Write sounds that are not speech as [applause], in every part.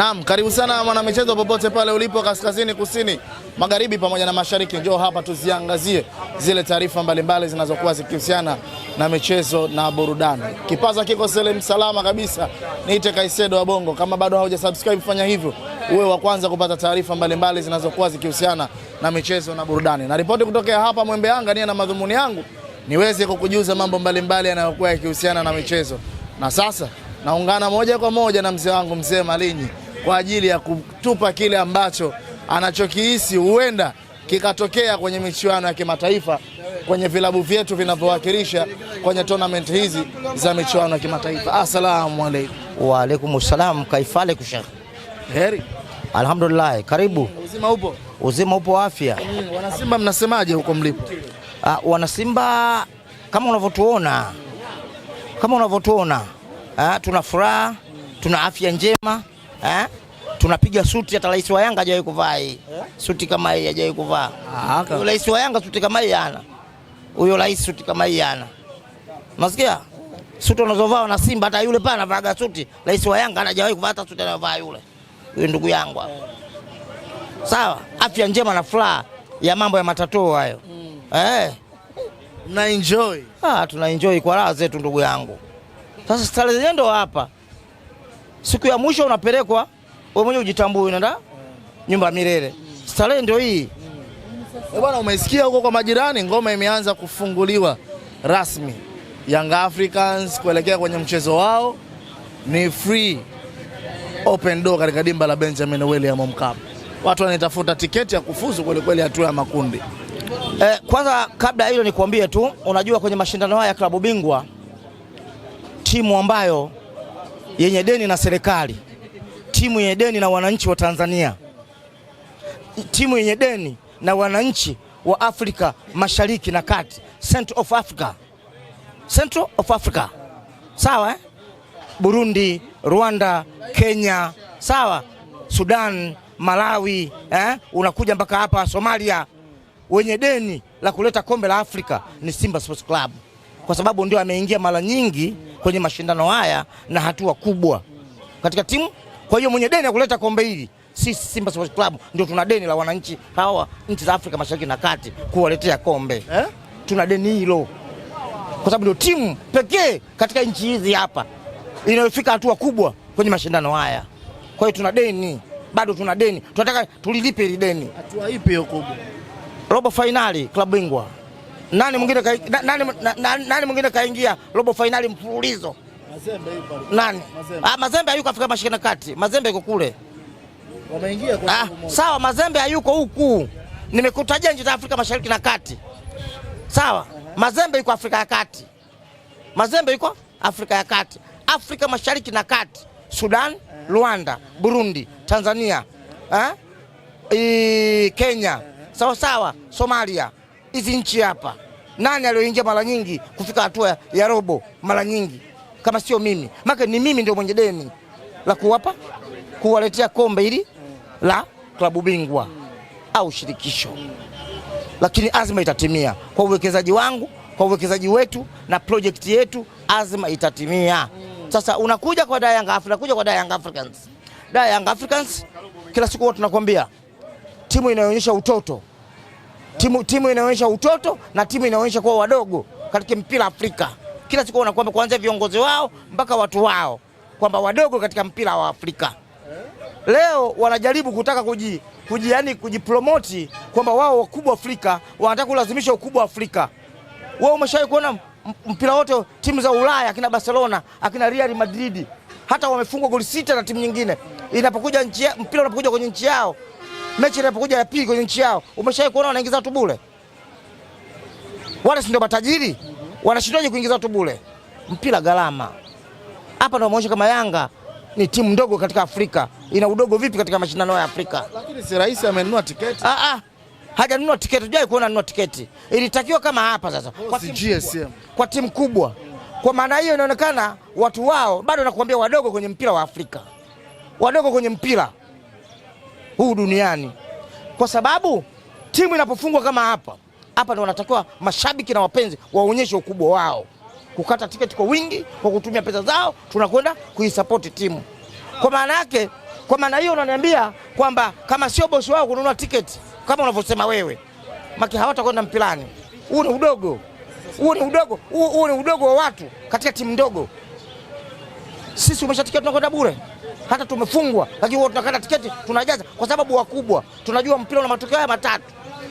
Naam, karibu sana mwanamichezo, popote pale ulipo, kaskazini, kusini, magharibi pamoja na mashariki, njoo hapa tuziangazie zile taarifa mbalimbali zinazokuwa zikihusiana na michezo na burudani. Kipaza kiko selem salama kabisa, niite Kaisedo wa Bongo. Kama bado subscribe, fanya hivyo uwe wa kwanza kupata taarifa mbalimbali zinazokuwa zikihusiana na michezo na burudani. Na ripoti kutokea hapa Mwembe Yanga, niye na madhumuni yangu niweze kukujuza mambo mbalimbali yanayokuwa yakihusiana na michezo, na sasa naungana moja kwa moja na mzee wangu mzee Malinyi kwa ajili ya kutupa kile ambacho anachokihisi huenda kikatokea kwenye michuano ya kimataifa kwenye vilabu vyetu vinavyowakilisha kwenye tournament hizi za michuano ya kimataifa. Asalamu alaykum. Wa alaykum salam. Kaifale kushekh. Heri. Alhamdulillah. Karibu. Uzima upo? Uzima upo, afya. Hmm. Wanasimba mnasemaje huko mlipo? Ah, wanasimba kama unavyotuona, kama unavyotuona, ah, tuna furaha, tuna afya njema eh? Tunapiga suti, hata rais wa Yanga hajawahi kuvaa hii eh? suti kama hii, hajawahi kuvaa ah, huyo rais wa Yanga suti kama hii ana huyo rais suti kama hii ana, unasikia suti unazovaa na Simba, hata yule pana anavaa suti. Rais wa Yanga hajawahi kuvaa hata suti anayovaa yule, yule ndugu yangu. Sawa, afya njema na furaha ya mambo ya matatu hayo mm. Eh, na enjoy ah, tuna enjoy kwa raha zetu ndugu yangu. Sasa starehe ndo hapa siku ya mwisho unapelekwa wewe mwenyewe ujitambue, unaenda nyumba milele. Starehe ndio hii eh, bwana. Umesikia huko kwa majirani, ngoma imeanza kufunguliwa rasmi. Young Africans kuelekea kwenye mchezo wao ni free open door katika dimba la Benjamin William Mkapa. Watu wanatafuta tiketi ya kufuzu kwelikweli hatua ya makundi. Eh, kwanza kabla hilo nikuambie tu, unajua kwenye mashindano haya ya klabu bingwa timu ambayo yenye deni na serikali, timu yenye deni na wananchi wa Tanzania, timu yenye deni na wananchi wa Afrika Mashariki na Kati, Central of Africa, Central of Africa, sawa eh? Burundi, Rwanda, Kenya, sawa, Sudan, Malawi eh? unakuja mpaka hapa Somalia. Wenye deni la kuleta kombe la Afrika ni Simba Sports Club kwa sababu ndio ameingia mara nyingi kwenye mashindano haya na hatua kubwa katika timu. Kwa hiyo mwenye deni ya kuleta kombe hili sisi Simba Sports Club ndio tuna deni la wananchi hawa nchi za Afrika Mashariki na Kati kuwaletea kombe eh? Tuna deni hilo kwa sababu ndio timu pekee katika nchi hizi hapa inayofika hatua kubwa kwenye mashindano haya. Kwa hiyo tuna deni, bado tuna deni, tunataka tulilipe hili deni. Hatua ipi hiyo kubwa? Robo fainali klabu bingwa. Nani mwingine ka, nani, nani, nani mwingine kaingia robo fainali mfululizo? Mazembe yuko nani? Ah, Mazembe hayuko Afrika Mashariki na Kati. Mazembe yuko kule. Wameingia kwa ah, sawa, Mazembe hayuko huku. Nimekutajia nchi za Afrika Mashariki na Kati. Sawa? Mazembe yuko Afrika ya Kati. Mazembe yuko Afrika ya Kati. Afrika Mashariki na Kati. Sudan, Rwanda, Burundi, Tanzania, eh? Kenya. Sawa sawa, Somalia hizi nchi hapa, nani aliyoingia mara nyingi kufika hatua ya robo mara nyingi kama sio mimi? Maana ni mimi ndio mwenye deni la kuwapa kuwaletea kombe hili la klabu bingwa au shirikisho, lakini azma itatimia kwa uwekezaji wangu, kwa uwekezaji wetu na projekti yetu, azma itatimia. Sasa unakuja kwa Dar Yanga Africans, unakuja kwa Dar Yanga Africans, Dar Yanga Africans, kila siku huwa tunakwambia timu inayoonyesha utoto timu, timu inaonyesha utoto na timu inaonyesha kuwa wadogo katika mpira Afrika. Kila siku wanakwambia kuanzia viongozi wao mpaka watu wao kwamba wadogo katika mpira wa Afrika. Leo wanajaribu kutaka kuji, kuji yani kujipromoti kwamba wao wakubwa Afrika, wanataka kulazimisha ukubwa Afrika. Wewe umeshawahi kuona mpira wote timu za Ulaya akina Barcelona akina Real Madrid hata wamefungwa goli sita na timu nyingine, inapokuja nchi mpira unapokuja kwenye nchi yao mechi inapokuja ya pili kwenye nchi yao, umeshawahi kuona wanaingiza watu bure? Wale si ndio matajiri, wanashindaje kuingiza watu bure? Mpira gharama. Hapa ndio maonyesho kama Yanga ni timu ndogo katika Afrika, ina udogo vipi katika mashindano ya Afrika? Lakini si rais amenunua tiketi? Ah, ah, hajanunua tiketi. Hujai kuona nunua tiketi, ilitakiwa kama hapa sasa kwa timu kubwa, kwa timu kubwa. Kwa maana hiyo inaonekana watu wao bado, nakwambia wadogo kwenye mpira wa Afrika, wadogo kwenye mpira huu duniani, kwa sababu timu inapofungwa kama hapa hapa, ndo wanatakiwa mashabiki na wapenzi waonyeshe ukubwa wao, kukata tiketi kwa wingi, kwa kutumia pesa zao, tunakwenda kuisapoti timu. Kwa maana yake, kwa maana hiyo unaniambia kwamba kama sio bosi wao kununua tiketi kama unavyosema wewe, maki hawatakwenda mpilani. Huu ni udogo, huu ni udogo, huu ni udogo wa watu katika timu ndogo. Sisi umeshatikia tunakwenda bure hata tumefungwa, lakini huwa tunakata tiketi tunajaza, kwa sababu wakubwa tunajua mpira una matokeo haya matatu.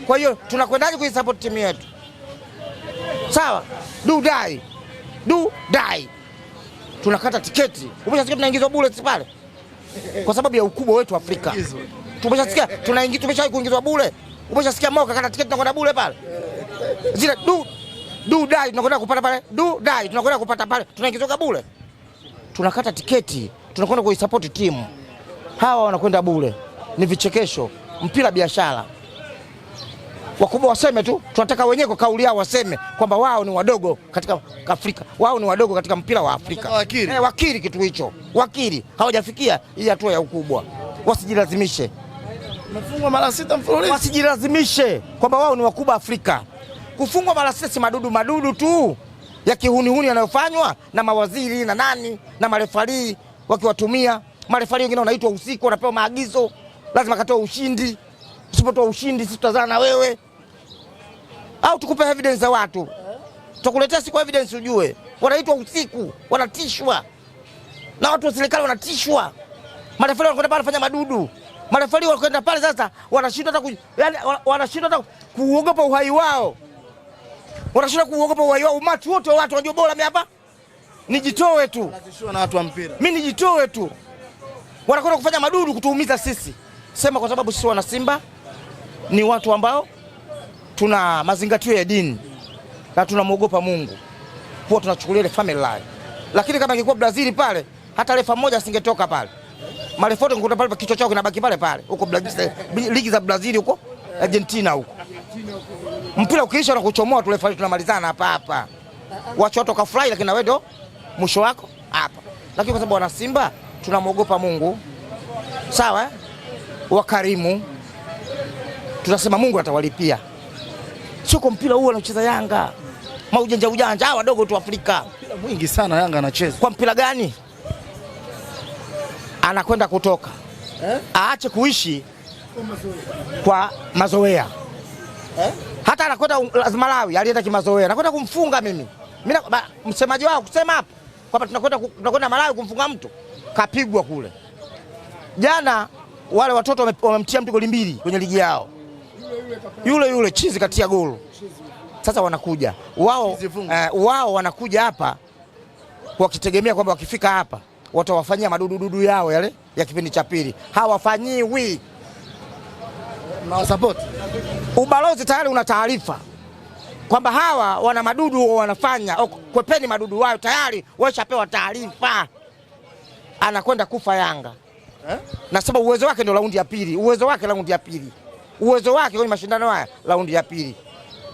Kwa hiyo tunakwendaje kuisapoti timu yetu? Sawa, do die do die, tunakata tiketi. Umeshasikia tunaingizwa bure pale kwa sababu ya ukubwa wetu Afrika. Tumeshasikia tunaingizwa, tumeshawahi kuingizwa bure. Umeshasikia mao kakata tiketi tunakwenda bure pale, zile do do die, tunakwenda kupata pale, do die, tunakwenda kupata pale, tunaingizwa bure, tunakata tiketi tunakwenda kuisapoti timu. Hawa wanakwenda bure, ni vichekesho, mpira biashara. Wakubwa waseme tu, tunataka wenyewe kwa kauli yao waseme kwamba wao ni wadogo katika Afrika, wao ni wadogo katika mpira wa Afrika. Wakiri, eh, wakiri kitu hicho, wakiri hawajafikia hii hatua ya ukubwa, wasijilazimishe Mefungwa mara sita mfululizo. Wasijilazimishe kwamba wao ni wakubwa Afrika. Kufungwa mara sita si madudu madudu tu ya kihunihuni yanayofanywa na mawaziri na nani na marefarii wakiwatumia marefari wengine wanaitwa usiku, wanapewa maagizo, lazima katoa ushindi. Usipotoa ushindi, sisi tutazana na wewe, au tukupe evidence za watu, tukuletea siku evidence ujue. Wanaitwa usiku, wanatishwa na watu wa serikali, wanatishwa. Marefari wanakwenda pale wanafanya madudu, marefari wanakwenda pale sasa, wanashindwa hata yani, wanashindwa hata kuogopa uhai wao, wanashindwa kuogopa uhai wao. Umati wote wa watu wanajua bora mimi hapa nijitoe tu, na watu wa mpira, mi nijitoe tu, wanakwenda kufanya madudu kutuumiza sisi. Sema kwa sababu sisi wana Simba ni watu ambao tuna mazingatio ya dini na tunamwogopa Mungu, huwa tunachukulia ile family line. Lakini kama ingekuwa Brazil pale, hata refa mmoja asingetoka pale, marefoto ngikuta pale, kichwa chao kinabaki pale pale huko eh, ligi za Brazil huko Argentina huko, mpira ukiisha na kuchomoa tulefa tunamalizana hapa hapa, wacho watu wakafurahi, lakini na wewe ndio mwisho wako hapa. Lakini kwa sababu wana Simba tunamwogopa Mungu, sawa, wakarimu, tunasema Mungu atawalipia. Sio kwa mpira huo anacheza Yanga, maujanja ujanja hawa wadogo tu Afrika. Mpira mwingi sana Yanga anacheza. Kwa mpira gani anakwenda kutoka eh? Aache kuishi kwa mazoea eh? Hata anakwenda Malawi alienda kimazoea, anakwenda kumfunga mimi mimi msemaji wao kusema hapo kwamba tunakwenda tunakwenda Malawi kumfunga mtu, kapigwa kule. Jana wale watoto wamemtia mtu goli mbili kwenye ligi yao, yule yule chizi katia goli. Sasa wanakuja wao, uh, wao wanakuja hapa wakitegemea kwamba wakifika hapa watawafanyia madudududu yao yale ya kipindi cha pili, hawafanyiwi. support. Ubalozi tayari una taarifa kwamba hawa wana madudu wanafanya, kwepeni madudu wao, tayari washapewa taarifa, anakwenda kufa Yanga eh? sababu uwezo wake ndio raundi ya pili, uwezo wake raundi ya pili, uwezo wake kwenye mashindano haya raundi ya pili,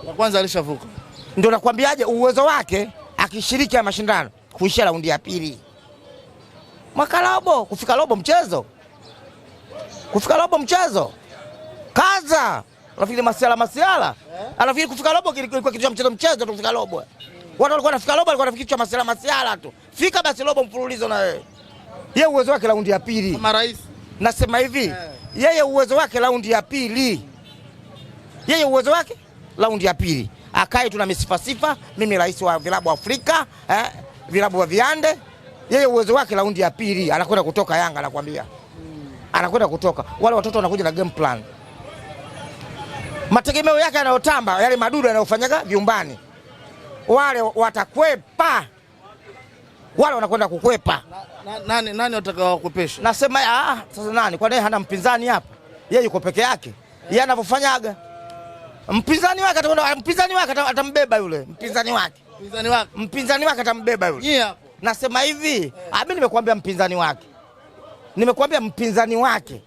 la kwanza alishavuka. Ndio nakwambiaje, uwezo wake akishiriki ya mashindano kuishia raundi ya pili, mwaka robo, kufika robo mchezo, kufika robo mchezo, kaza Anafikiri masiala masiala. Eh? Anafikiri kufika robo kilikuwa kitu cha mchezo mchezo tu kufika robo. Watu walikuwa wanafika robo walikuwa wanafikiri cha masiala masiala tu. Fika basi robo mfululizo na wewe. Yeye uwezo wake raundi ya pili. Kama rais. Nasema hivi, eh. yeye uwezo wake raundi ya pili. Yeye uwezo wake raundi ya pili. Akae tu na misifa sifa, mimi rais wa vilabu Afrika, eh, vilabu wa viande. Yeye uwezo wake raundi ya pili anakwenda kutoka Yanga anakuambia. Hmm. Anakwenda kutoka. Wale watoto wanakuja na game plan mategemeo yake yanayotamba yale madudu yanayofanyaga vyumbani, wale watakwepa, wale wanakwenda kukwepa. Na, nani, nani watakawakwepesha? Nasema ah, sasa nani? nini hana mpinzani hapa? Yeye yuko peke yake, yeye anavyofanyaga mpinzani wake atakwenda, mpinzani wake atambeba yule mpinzani wake, mpinzani wake, mpinzani wake atambeba yule. Yeye hapo nasema hivi, mimi nimekuambia mpinzani wake, nimekuambia mpinzani wake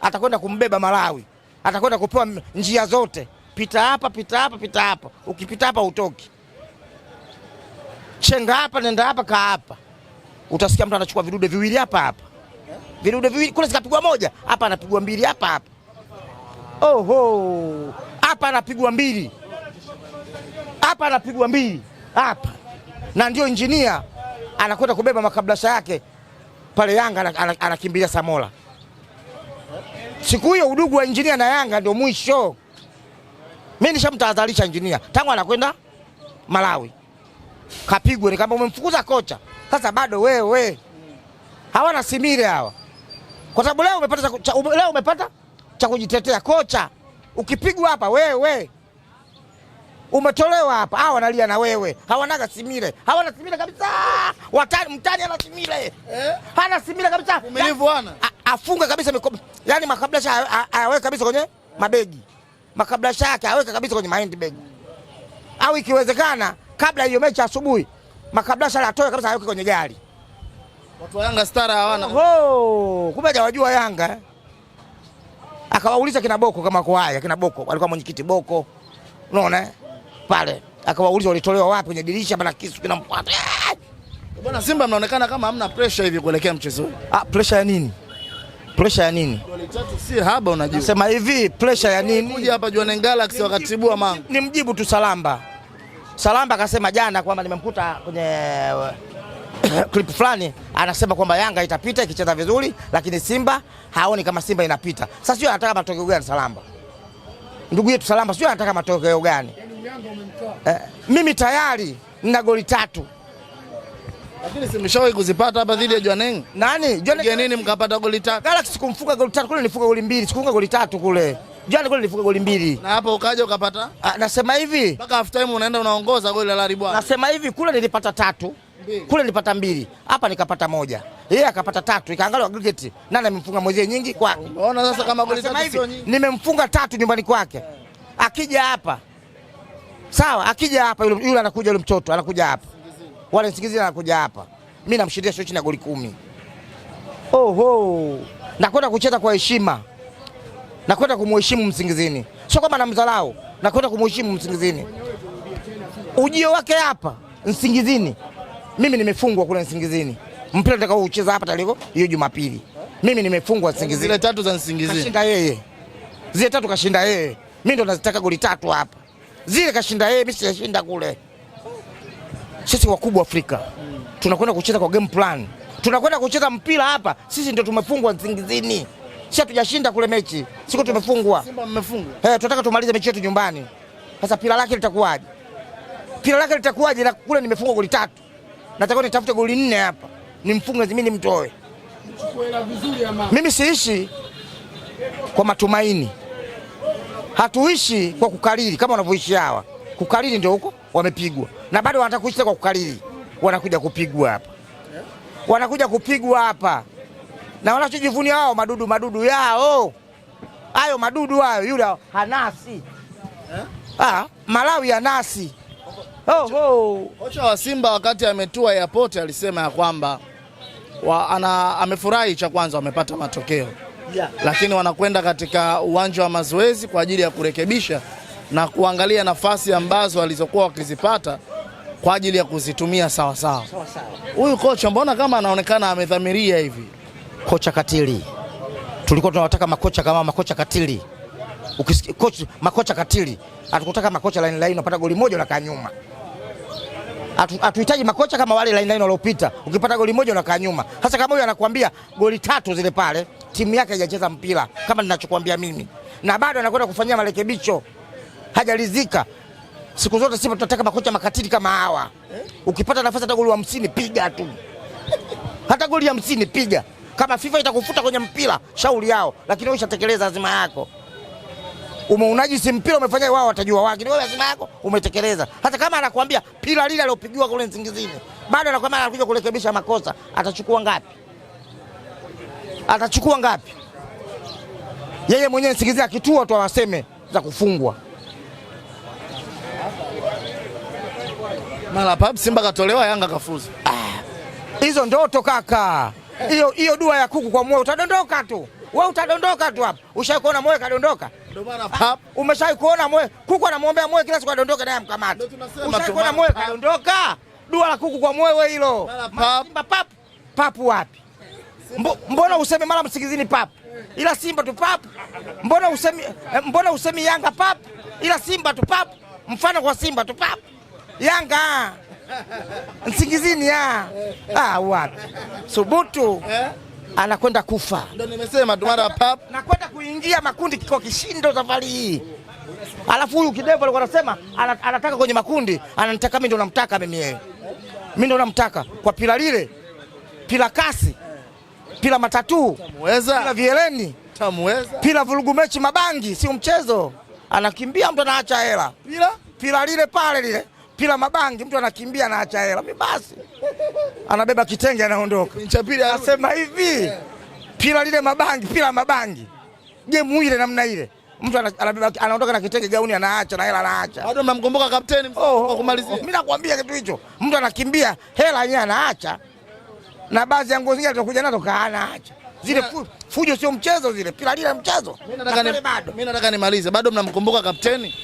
atakwenda kumbeba Malawi atakwenda kupewa njia zote, pita hapa, pita hapa, pita hapa. Ukipita hapa utoki, chenga hapa, nenda hapa, kaa hapa. Utasikia mtu anachukua vidude viwili hapa hapa, vidude viwili kule, zikapigwa moja hapa, anapigwa mbili hapa hapa, oho, hapa anapigwa mbili hapa, anapigwa mbili hapa, na ndio injinia anakwenda kubeba makablasha yake pale Yanga, anakimbilia Samola siku hiyo udugu wa injinia na Yanga ndio mwisho. Mimi nishamtahadharisha injinia tangu anakwenda Malawi, kapigwe nikamba umemfukuza kocha, sasa bado wewe. Hawana simile hawa, kwa sababu leo umepata cha, leo umepata cha kujitetea kocha. Ukipigwa hapa wewe umetolewa hapa, hawa wanalia na wewe, hawanaga simile, hawana simile kabisa. Watani mtani ana simile, eh? hana simile kabisa, umelivu ana ah, afunga kabisa mikoba, yani makablasha ayaweka kabisa kwenye mabegi, makablasha yake aweka kabisa kwenye handbag, au ikiwezekana kabla hiyo mechi asubuhi makablasha latoe kabisa aweke kwenye gari. Watu wa Yanga stara hawana. Oh, kumbe hajawajua Yanga eh? Akawauliza kina Boko kama kwa haya, kina Boko alikuwa mwenyekiti Boko, unaona eh? pale, akawauliza walitolewa wapi kwenye dirisha, bana kisu kinamfuata eh! bwana. Simba mnaonekana kama hamna pressure hivi kuelekea mchezo Ah, pressure ya nini? Pressure ya nini? Si haba unajua. Sema hivi pressure ya nini? Kuja hapa Jwaneng Galaxy wakatibua mangu. mjibu tu Salamba. Salamba akasema jana kwamba nimemkuta kwenye eh, [coughs] clip fulani anasema kwamba Yanga itapita ikicheza vizuri, lakini Simba haoni kama Simba inapita. Sasa sio anataka matokeo gani Salamba? Ndugu yetu Salamba sio anataka matokeo gani? Yaani eh, mimi tayari nina goli tatu. Lakini si mshawahi kuzipata hapa dhidi ya Jwaneng. Nani? Jwaneng nini mkapata goli tatu? Galaxy sikumfunga goli tatu, kule nilifunga goli mbili, sikufunga goli tatu kule. Jana kule nilifunga goli mbili. Na hapo ukaja ukapata? Ah, nasema hivi. Mpaka half time unaenda unaongoza goli la Laribwana. Nasema hivi kule nilipata tatu. Mbili. Kule nilipata mbili. Hapa nikapata moja. Yeye akapata tatu. Ikaangalia aggregate. Nani amemfunga mwezie nyingi kwake? Unaona sasa kama goli tatu sio nyingi. Nimemfunga tatu nyumbani kwake. Akija hapa. Sawa, akija hapa yule yule anakuja yule mtoto anakuja hapa wale wala na anakuja hapa, mi namshindia Shochi na goli kumi. Oho, nakwenda kucheza kwa heshima, nakwenda kumheshimu Msingizini, sio kwamba namdharau, nakwenda kumheshimu Msingizini. Ujio wake hapa Msingizini. mimi nimefungwa kule Msingizini. mpira nitakao ucheza hapa taliko hiyo Jumapili, mimi nimefungwa Msingizini. Zile tatu za Msingizini. kashinda yeye, zile tatu kashinda yeye, mimi ndo nazitaka goli tatu hapa, zile kashinda yeye, mimi sijashinda kule sisi wakubwa Afrika tunakwenda kucheza kwa game plan, tunakwenda kucheza mpira hapa. Sisi ndio tumefungwa zingizini, si hatujashinda kule mechi siku tumefungwa. Simba mmefungwa, eh, tunataka tumalize mechi yetu nyumbani. Sasa pira lake litakuwaje? Pira lake litakuwaje? na kule nimefungwa goli tatu, nataka nitafute goli nne hapa nimfunge zimini, mtoe mimi. Siishi kwa matumaini, hatuishi kwa kukariri kama wanavyoishi hawa. Kukariri ndio huko wamepigwa na bado watakuisha kwa kukariri, wanakuja kupigwa hapa, wanakuja kupigwa hapa na wanachojivunia wao madudu madudu yao hayo madudu hayo, yule hanasi eh? Ah, Malawi hanasi oh, oh. Kocha wa Simba wakati ametua airport alisema ya kwamba amefurahi cha kwanza wamepata matokeo yeah. Lakini wanakwenda katika uwanja wa mazoezi kwa ajili ya kurekebisha na kuangalia nafasi ambazo walizokuwa wakizipata kwa ajili ya kuzitumia sawa sawa. Huyu kocha mbona kama anaonekana amedhamiria hivi. Kocha katili, tulikuwa tunawataka makocha kama makocha katili. Ukisikia coach, makocha katili, hatukutaka makocha line line unapata goli moja unakaa nyuma. Hatuhitaji makocha kama wale line line waliopita, ukipata goli moja unakaa nyuma. Sasa kama huyu anakuambia goli tatu zile pale, timu yake haijacheza mpira kama ninachokuambia mimi, na bado anakwenda kufanyia marekebisho, hajalizika Siku zote sisi tunataka makocha makatili kama hawa. Ukipata nafasi hata goli hamsini piga tu, hata goli hamsini piga. Kama FIFA itakufuta kwenye mpira, shauri yao, lakini wewe ushatekeleza azima yako. Umeunaji si mpira, umefanya wao watajua wapi. wewe azima yako umetekeleza. Hata kama anakuambia pila lile alilopigiwa kule Nsingizini, bado anakuambia anakuja kurekebisha makosa, atachukua ngapi? Atachukua ngapi? Yeye mwenyewe Nsingizini akitua tu awaseme za kufungwa. mara pap Simba katolewa, Yanga kafuzu. Ah. Hizo ah, ndoto kaka, hiyo hiyo dua ya kuku kwa moyo, utadondoka tu wewe, utadondoka tu hapo. Ushai kuona moyo kadondoka? Ndio maana pap, umeshai kuona moyo kuku anamwombea moyo kila siku adondoke, naye mkamata. Ushai kuona moyo kadondoka? Dua la kuku kwa moyo wewe, hilo. Simba pap, papu wapi? Mbo, mbona useme mara msikizini pap ila Simba tu pap? Mbona usemi, eh, mbona usemi Yanga pap ila Simba tu pap? Mfano kwa Simba tu pap Yanga Msingizini ya. Ah, wapi Subutu eh? anakwenda kufa, ndo nimesema tumara pap nakwenda kuingia makundi kwa kishindo safari hii. Alafu huyu kidevu alikuwa anasema anataka kwenye makundi, ananitaka mimi, ndo namtaka mimi yeye, mimi ndo namtaka kwa pila lile, pila kasi, pila matatu, pila vieleni, pila vurugu mechi, mabangi, sio mchezo. Anakimbia mtu anaacha hela, pila pila lile pale lile mpira mabangi mtu anakimbia na acha hela, mimi basi anabeba kitenge anaondoka. Anasema hivi pila lile mabangi, pila mabangi gemu ile namna ile, mtu anabeba anaondoka na kitenge gauni anaacha na hela anaacha. Bado mnamkumbuka kapteni oh, kwa kumalizia. Mimi nakwambia kitu hicho, mtu anakimbia hela yeye anaacha, na baadhi ya nguo zingine tutakuja nazo kaanaacha zile fujo sio mchezo, zile pila lile mchezo. Mimi nataka nimalize, bado mnamkumbuka kapteni?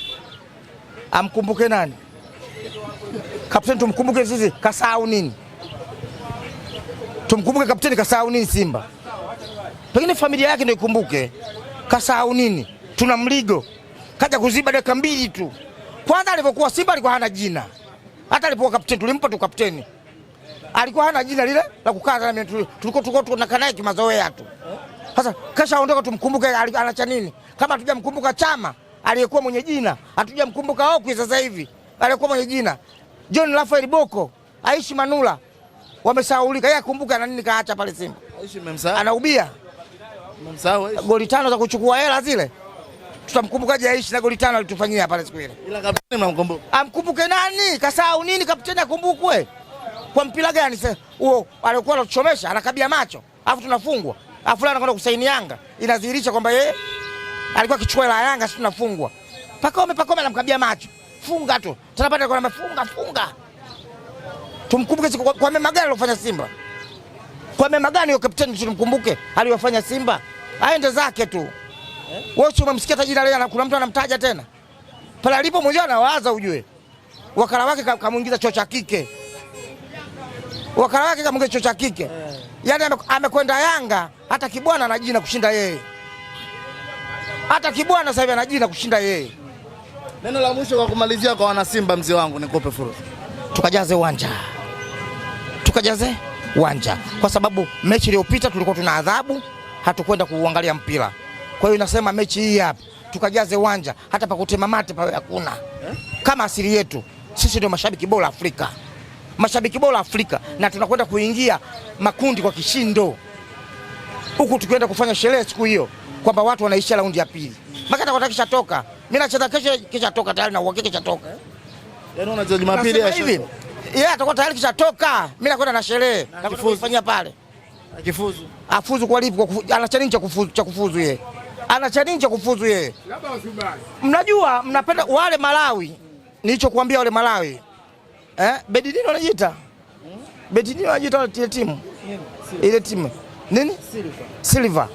Amkumbuke nani? Kapteni tumkumbuke sisi, kasahau nini? Tumkumbuke kapteni kasahau nini? Simba pengine familia yake ndio ikumbuke, kasahau nini? Tuna mligo kaja kuziba dakika mbili tu. Kwanza alivyokuwa Simba alikuwa hana jina, hata alipokuwa kapteni tulimpa tu kapteni, alikuwa hana jina lile la kukaa, na mimi, tulikuwa tuko tunakaa naye kimazoea tu. Sasa kesha ondoka, tumkumbuke anacha nini? Kama hatujamkumbuka Chama aliyekuwa mwenye jina, hatujamkumbuka Okwi sasa hivi aliyekuwa mwenye jina, John Rafael Boko, Aishi Manula wamesahaulika. Yeye akumbuka na nini kaacha pale Simba. Aishi mmemsahau. Anaubia. Mmemsahau Aishi. Goli tano za kuchukua hela zile. Tutamkumbukaje Aishi na goli tano alitufanyia pale siku ile. Ila kapteni mnamkumbuka. Amkumbuke nani? Kasahau nini kapteni akumbukwe? Kwa mpira gani sasa? Huo alikuwa anachomesha, anakabia macho. Alafu tunafungwa. Alafu leo anakwenda kusaini Yanga. Inadhihirisha kwamba yeye alikuwa akichukua hela Yanga sisi tunafungwa. Pakome Pakome anamkabia macho funga tu, tunapata kwa mafunga funga. Tumkumbuke kwa, kwa mema gani alofanya Simba, kwa mema gani yule kapteni, tumkumbuke aliyofanya Simba, aende zake tu. Wewe umemsikia tajira leo, kuna mtu anamtaja tena pale alipo mwenyewe, anawaza ujue, wakala wake kamuingiza chocha kike, wakala wake kamuingiza chocha cha kike. Yani amekwenda Yanga, hata kibwana anajina kushinda yeye, hata kibwana sasa hivi anajina kushinda yeye. Neno la mwisho kwa kumalizia kwa wanasimba, mzee wangu, nikupe fursa, tukajaze uwanja, tukajaze uwanja, kwa sababu mechi iliyopita tulikuwa tuna adhabu, hatukwenda kuuangalia mpira. Kwa hiyo nasema mechi hii hapa tukajaze uwanja, hata kutema mate pawe hakuna. Kama asili yetu sisi ndio mashabiki bora Afrika, mashabiki bora Afrika, na tunakwenda kuingia makundi kwa kishindo, huku tukienda kufanya sherehe siku hiyo kwamba watu wanaishia raundi ya pili makata watakisha toka mimi nacheza kesho, kisha toka tayari na uhakika kisha toka. Yaani unacheza Jumapili ya hivi. Yeye atakuwa tayari kisha toka. Mimi nakwenda na sherehe na kufanyia pale. Akifuzu. Afuzu kwa lipi? ana challenge cha kufuzu cha kufuzu yeye. Ana challenge cha kufuzu yeye. Labda usibali. Mnajua mnapenda wale Malawi. Nilichokuambia wale Malawi. Eh, Bedidini wanajiita. Bedidini wanajiita ile timu. Ile timu. Nini? Silver. Silver.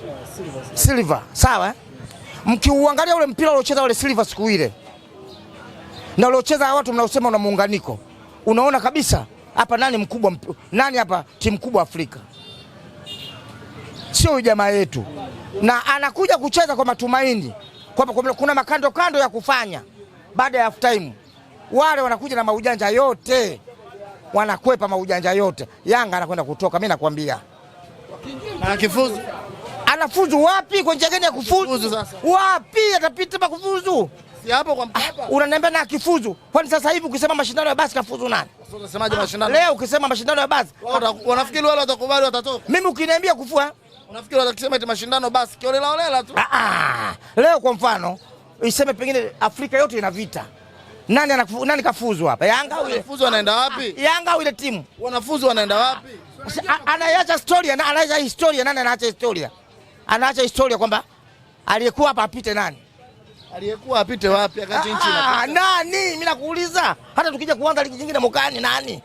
Silver. Sawa? eh? mkiuangalia ule mpira uliocheza ule Silva siku ile na uliocheza watu mnaosema una muunganiko, unaona kabisa hapa nani mkubwa, nani hapa timu kubwa Afrika sio jamaa yetu, na anakuja kucheza kwa matumaini kwamba kuna makando kando ya kufanya baada ya half time. Wale wanakuja na maujanja yote, wanakwepa maujanja yote. Yanga anakwenda kutoka, mimi nakwambia na kifuzu anafuzu wapi? Kwa njia gani ya kufuzu? wapi atapita pa kufuzu? Si hapo kwa Mkapa. Ah, unaniambia na akifuzu. Kwani sasa hivi ukisema mashindano ya basi kafuzu nani? Sasa unasemaje ah, mashindano? Leo ukisema mashindano ya basi, wanafikiri wale watakubali watatoka. Mimi ukiniambia kufua, unafikiri watakisema eti mashindano basi kiolela olela tu. Ah ah. Leo kwa mfano, iseme pengine Afrika yote ina vita. Nani anakufu, nani kafuzu hapa? Yanga au kafuzu anaenda wapi? Ah, Yanga au ile timu? Wanafuzu wanaenda wapi? Anaacha story, anaacha historia, nani anaacha historia? anaacha historia kwamba aliyekuwa hapa apite nani, aliyekuwa apite wapi, akachinchi ah, na nani. Mimi nakuuliza, hata tukija kuanza ligi nyingine mokani, nani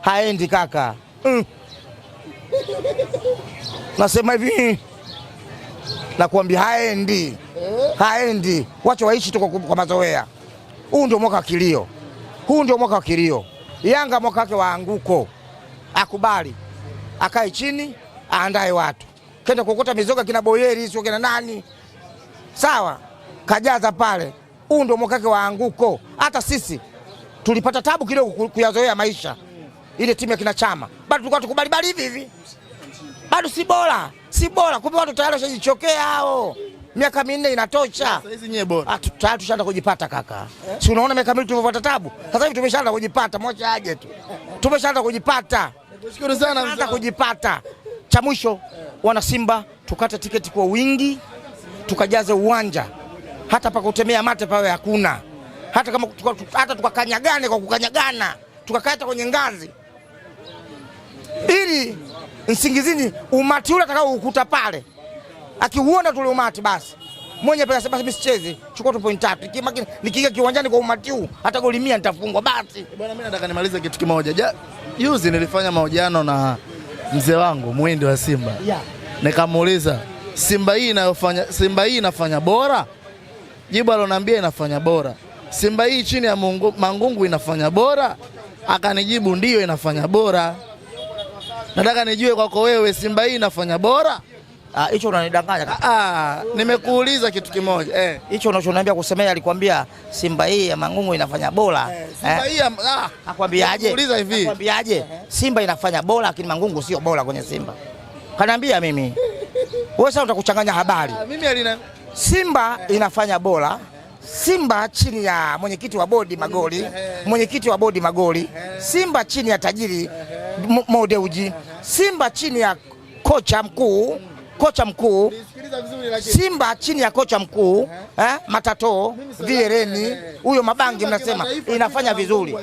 haendi kaka? mm. nasema hivi nakuambia, haendi haendi, wacha waishi tu kwa mazoea. Huu ndio mwaka wa kilio, huu ndio mwaka wa kilio. Yanga mwaka wake wa anguko, akubali, akae chini, aandae watu kenda kuokota mizoga kina boyeri sio kina nani, sawa, kajaza pale. Huu ndio mwaka wake wa anguko. Hata sisi tulipata tabu kidogo kuyazoea maisha, ile timu ya kina Chama bado tulikuwa tukubali bali hivi hivi, bado si bora, si bora. Kumbe watu tayari washajichokea hao miaka minne inatosha. Sasa hizi nyewe bora ah, tayari tushaanza kujipata kaka, si unaona miaka minne tulivyopata tabu. Sasa hivi tumeshaanza kujipata, mwacha aje tu, tumeshaanza kujipata. Nikushukuru sana, mzee. kujipata cha mwisho wana Simba tukate tiketi kwa wingi, tukajaze uwanja hata pa kutemea mate pawe hakuna, hata kama hata tukakanyagane kwa kukanyagana, tukakata kwenye ngazi, ili msingizini umati ule atakao ukuta pale akiuona tule umati basi mwenye pesa basi, mimi sichezi, chukua tu point tatu. Kimakini nikiingia kiwanjani kwa umati huu, hata goli 100 nitafungwa. Basi bwana, mimi nataka nimalize kitu kimoja. Juzi nilifanya mahojiano na mzee wangu mwindi wa Simba yeah. Nikamuuliza Simba hii inayofanya Simba hii inafanya bora, jibu aloniambia inafanya bora. Simba hii chini ya mungu, Mangungu inafanya bora? Akanijibu ndiyo inafanya bora. Nataka nijue kwako wewe, Simba hii inafanya bora? Ah, hicho unanidanganya. Ah, nimekuuliza kitu kimoja eh. hicho eh, unachoniambia kusemea. Alikwambia Simba hii ya Mangungu inafanya bora eh, eh. Simba hii eh? Ah, akwambiaje? Kuuliza hivi, akwambiaje? Simba inafanya bora lakini Mangungu sio bora kwenye Simba, kanaambia mimi wewe sasa utakuchanganya habari. Ah, mimi alina Simba inafanya bora Simba chini ya mwenyekiti wa bodi Magoli, mwenyekiti wa bodi Magoli, Simba chini ya tajiri Modeuji, Simba chini ya kocha mkuu kocha mkuu Simba chini ya kocha mkuu eh, Matato Vireni huyo Mabangi mnasema inafanya vizuri,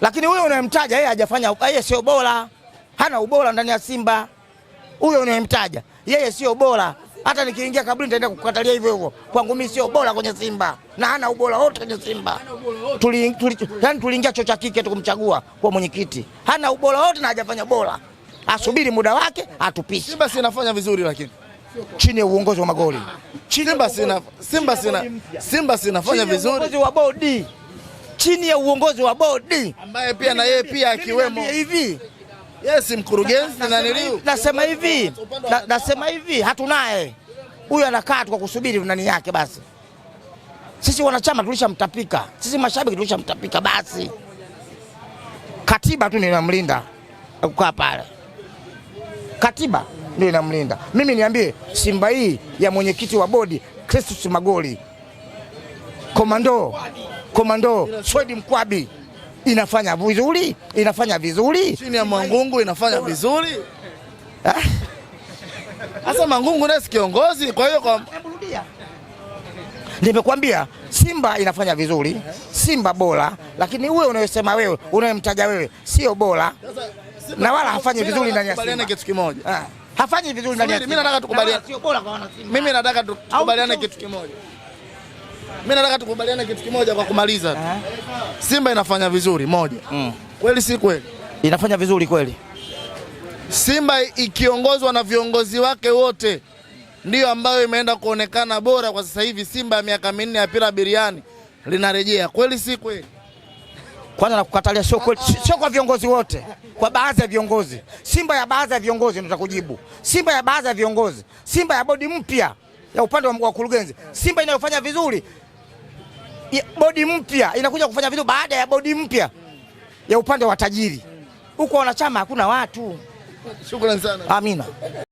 lakini huyo unayemtaja yeye hajafanya, yeye sio bora, hana ubora ndani ya Simba. Huyo unayemtaja yeye sio bora. Hata nikiingia kabla nitaenda kukatalia hivyo hivyo. Kwangu mimi sio bora kwenye Simba na hana ubora wote kwenye Simba. Tuli, tuli, yani tuliingia choo cha kike tukumchagua kwa mwenyekiti, hana ubora wote na hajafanya bora asubiri muda wake atupishe. Simba sinafanya vizuri lakini chini ya uongozi wa magoli Simba sina, Simba sina, Simba sinafanya vizuri wa bodi chini ya uongozi wa bodi ambaye pia na yeye pia akiwemo hivi Yes, mkurugenzi na niliu. Nasema hivi, nasema hivi hatunaye. Huyu anakaa tu kwa kusubiri nani yake basi. Sisi wanachama tulishamtapika. Sisi mashabiki tulishamtapika basi. Katiba tu ninamlinda. Kukaa pale katiba ndio inamlinda. Mimi niambie, Simba hii ya mwenyekiti wa bodi Christus Magoli, komando komando Swedi Mkwabi inafanya vizuri, inafanya vizuri chini ya Mangungu, inafanya vizuri hasa Mangungu naye si kiongozi. Kwa hiyo kwa... nimekwambia Simba inafanya vizuri, Simba bora, lakini uwe unayosema wewe unayemtaja wewe sio bora na wala ah, hafanyi vizuri ndani ya Simba. Kitu kimoja hafanyi vizuri ndani ya Simba. Mimi nataka tukubaliane, sio bora kwa wana Simba. Mimi nataka tukubaliane kitu kimoja, mimi nataka tukubaliane kitu kimoja kwa kumaliza tu. Ah. Simba inafanya vizuri moja, mm. Kweli si kweli? Inafanya vizuri kweli. Simba ikiongozwa na viongozi wake wote ndiyo ambayo imeenda kuonekana bora kwa sasa hivi. Simba ya miaka minne ya pira biriani linarejea, kweli si kweli? Kwanza nakukatalia, sio kweli, uh-uh. sio kwa viongozi wote, kwa baadhi ya viongozi. Simba ya baadhi ya viongozi nitakujibu. Simba ya baadhi ya viongozi, Simba ya bodi mpya ya upande wa wakurugenzi, Simba inayofanya vizuri, bodi mpya inakuja kufanya vizuri baada ya bodi mpya ya upande wa tajiri. Huko wanachama hakuna watu. Shukrani sana. Amina.